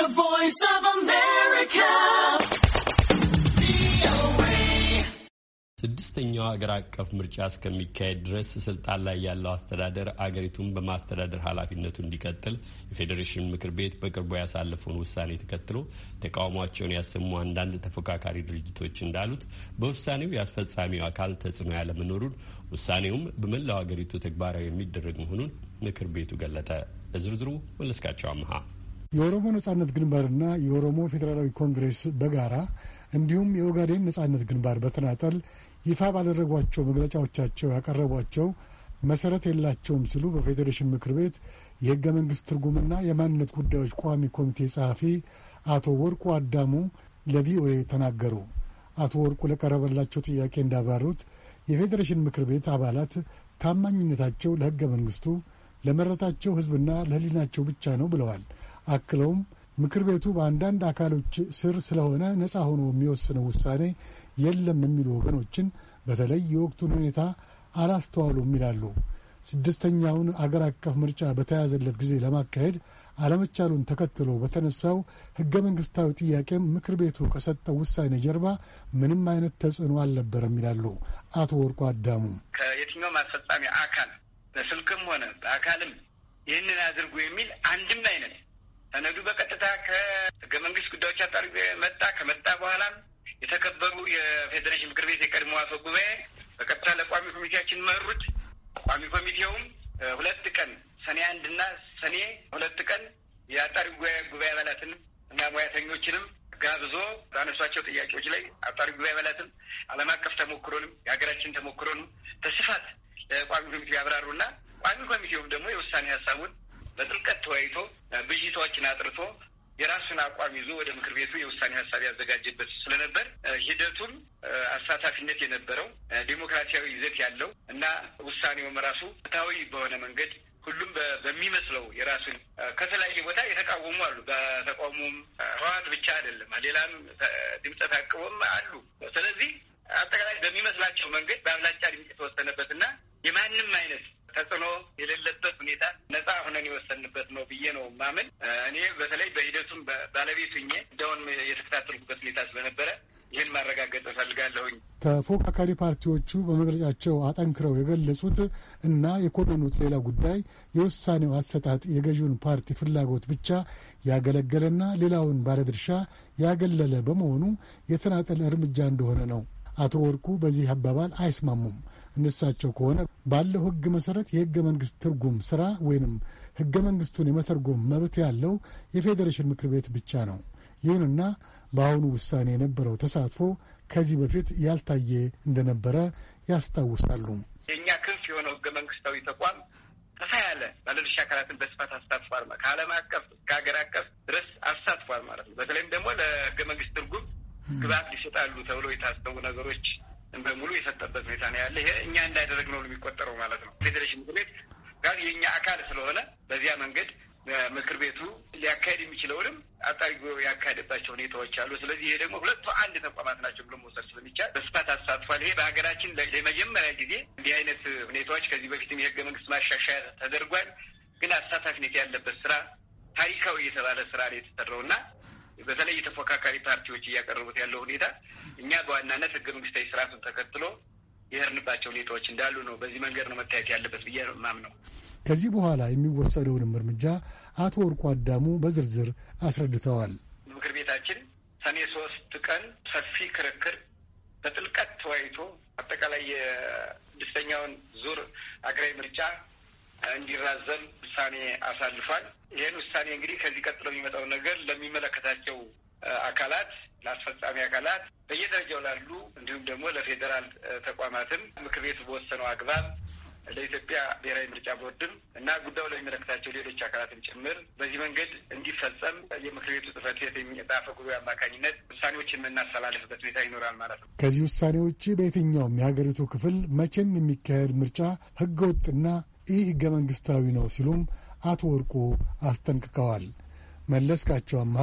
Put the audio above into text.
The Voice of America. ስድስተኛው ሀገር አቀፍ ምርጫ እስከሚካሄድ ድረስ ስልጣን ላይ ያለው አስተዳደር አገሪቱን በማስተዳደር ኃላፊነቱ እንዲቀጥል የፌዴሬሽን ምክር ቤት በቅርቡ ያሳለፈውን ውሳኔ ተከትሎ ተቃውሟቸውን ያሰሙ አንዳንድ ተፎካካሪ ድርጅቶች እንዳሉት በውሳኔው የአስፈጻሚው አካል ተጽዕኖ ያለመኖሩን ውሳኔውም በመላው አገሪቱ ተግባራዊ የሚደረግ መሆኑን ምክር ቤቱ ገለጠ። ለዝርዝሩ መለስካቸው አመሃ የኦሮሞ ነጻነት ግንባርና የኦሮሞ ፌዴራላዊ ኮንግሬስ በጋራ እንዲሁም የኦጋዴን ነጻነት ግንባር በተናጠል ይፋ ባደረጓቸው መግለጫዎቻቸው ያቀረቧቸው መሰረት የላቸውም ሲሉ በፌዴሬሽን ምክር ቤት የህገ መንግስት ትርጉምና የማንነት ጉዳዮች ቋሚ ኮሚቴ ጸሐፊ አቶ ወርቁ አዳሙ ለቪኦኤ ተናገሩ። አቶ ወርቁ ለቀረበላቸው ጥያቄ እንዳብራሩት የፌዴሬሽን ምክር ቤት አባላት ታማኝነታቸው ለህገ መንግስቱ፣ ለመረታቸው ህዝብና ለህሊናቸው ብቻ ነው ብለዋል። አክለውም ምክር ቤቱ በአንዳንድ አካሎች ስር ስለሆነ ነፃ ሆኖ የሚወስነው ውሳኔ የለም የሚሉ ወገኖችን በተለይ የወቅቱን ሁኔታ አላስተዋሉም ይላሉ። ስድስተኛውን አገር አቀፍ ምርጫ በተያዘለት ጊዜ ለማካሄድ አለመቻሉን ተከትሎ በተነሳው ህገ መንግስታዊ ጥያቄም ምክር ቤቱ ከሰጠው ውሳኔ ጀርባ ምንም አይነት ተጽዕኖ አልነበረም ይላሉ አቶ ወርቁ አዳሙ። ከየትኛውም አስፈጻሚ አካል በስልክም ሆነ በአካልም ይህንን አድርጉ የሚል አንድም አይነት ሰነዱ በቀጥታ ከህገ መንግስት ጉዳዮች አጣሪ መጣ። ከመጣ በኋላም የተከበሩ የፌዴሬሽን ምክር ቤት የቀድሞ አፈ ጉባኤ በቀጥታ ለቋሚ ኮሚቴያችን መሩት። ቋሚ ኮሚቴውም ሁለት ቀን ሰኔ አንድና ሰኔ ሁለት ቀን የአጣሪ ጉባኤ አባላትን እና ሙያተኞችንም ጋብዞ ባነሷቸው ጥያቄዎች ላይ አጣሪ ጉባኤ አባላትም ዓለም አቀፍ ተሞክሮንም የሀገራችን ተሞክሮንም በስፋት ለቋሚ ኮሚቴው ያብራሩና ቋሚ ኮሚቴውም ደግሞ የውሳኔ ሀሳቡን በጥልቀት ተወያይቶ ብዥታዎችን አጥርቶ የራሱን አቋም ይዞ ወደ ምክር ቤቱ የውሳኔ ሀሳብ ያዘጋጀበት ስለነበር ሂደቱም አሳታፊነት የነበረው ዴሞክራሲያዊ ይዘት ያለው እና ውሳኔውም ራሱ ፍትሐዊ በሆነ መንገድ ሁሉም በሚመስለው የራሱን ከተለያየ ቦታ የተቃወሙ አሉ። በተቃውሞም ህወሓት ብቻ አይደለም፣ ሌላም ድምፀ ታቅቦም አሉ። ስለዚህ አጠቃላይ በሚመስላቸው መንገድ በአብላጫ ድምፅ የተወሰነበትና የማንም አይነት ተጽዕኖ የሌለ ስለማምን እኔ በተለይ በሂደቱም ባለቤት እንደውን የተከታተልኩበት ሁኔታ ስለነበረ ይህን ማረጋገጥ እፈልጋለሁኝ። ተፎካካሪ ፓርቲዎቹ በመግለጫቸው አጠንክረው የገለጹት እና የኮነኑት ሌላ ጉዳይ የውሳኔው አሰጣጥ የገዢውን ፓርቲ ፍላጎት ብቻ ያገለገለና ሌላውን ባለድርሻ ያገለለ በመሆኑ የተናጠል እርምጃ እንደሆነ ነው። አቶ ወርቁ በዚህ አባባል አይስማሙም። እነሳቸው ከሆነ ባለው ሕግ መሰረት የሕገ መንግስት ትርጉም ስራ ወይንም ህገ መንግስቱን የመተርጎም መብት ያለው የፌዴሬሽን ምክር ቤት ብቻ ነው። ይሁንና በአሁኑ ውሳኔ የነበረው ተሳትፎ ከዚህ በፊት ያልታየ እንደነበረ ያስታውሳሉ። የእኛ ክንፍ የሆነው ህገ መንግስታዊ ተቋም ሰፋ ያለ ባለድርሻ አካላትን በስፋት አሳትፏል። ከዓለም አቀፍ እስከ ሀገር አቀፍ ድረስ አሳትፏል ማለት ነው። በተለይም ደግሞ ለህገ መንግስት ትርጉም ግብዓት ሊሰጣሉ ተብሎ የታሰቡ ነገሮች በሙሉ የሰጠበት ሁኔታ ነው ያለ። ይሄ እኛ እንዳያደረግ ነው የሚቆጠረው ማለት ነው። ፌዴሬሽን ምክር ቤት ጋር የእኛ አካል ስለሆነ በዚያ መንገድ ምክር ቤቱ ሊያካሄድ የሚችለውንም አጣሪ ያካሄደባቸው ሁኔታዎች አሉ። ስለዚህ ይሄ ደግሞ ሁለቱ አንድ ተቋማት ናቸው ብሎ መውሰድ ስለሚቻል በስፋት አሳትፏል። ይሄ በሀገራችን ለመጀመሪያ ጊዜ እንዲህ አይነት ሁኔታዎች ከዚህ በፊትም የህገ መንግስት ማሻሻያ ተደርጓል። ግን አሳታፊነት ያለበት ስራ ታሪካዊ የተባለ ስራ ነው የተሰራው እና በተለይ ተፎካካሪ ፓርቲዎች እያቀረቡት ያለው ሁኔታ እኛ በዋናነት ህገ መንግስታዊ ስርዓቱን ተከትሎ የህርንባቸው ሁኔታዎች እንዳሉ ነው። በዚህ መንገድ ነው መታየት ያለበት ብዬ ማምነው። ከዚህ በኋላ የሚወሰደውንም እርምጃ አቶ ወርቁ አዳሙ በዝርዝር አስረድተዋል። ምክር ቤታችን ሰኔ ሶስት ቀን ሰፊ ክርክር በጥልቀት ተወያይቶ አጠቃላይ የስድስተኛውን ዙር አገራዊ ምርጫ እንዲራዘም ውሳኔ አሳልፏል። ይህን ውሳኔ እንግዲህ ከዚህ ቀጥሎ የሚመጣው ነገር ለሚመለከታቸው አካላት ለአስፈጻሚ አካላት በየደረጃው ላሉ እንዲሁም ደግሞ ለፌዴራል ተቋማትም ምክር ቤቱ በወሰነው አግባብ ለኢትዮጵያ ብሔራዊ ምርጫ ቦርድም እና ጉዳዩ ለሚመለከታቸው ሌሎች አካላትም ጭምር በዚህ መንገድ እንዲፈጸም የምክር ቤቱ ጽሕፈት ቤት የሚጣፈ ጉባኤ አማካኝነት ውሳኔዎች የምናስተላልፍበት ሁኔታ ይኖራል ማለት ነው። ከዚህ ውሳኔ ውጭ በየትኛውም የሀገሪቱ ክፍል መቼም የሚካሄድ ምርጫ ህገወጥና ይህ ህገ መንግስታዊ ነው ሲሉም አቶ ወርቁ አስጠንቅቀዋል። መለስካቸው አምሃ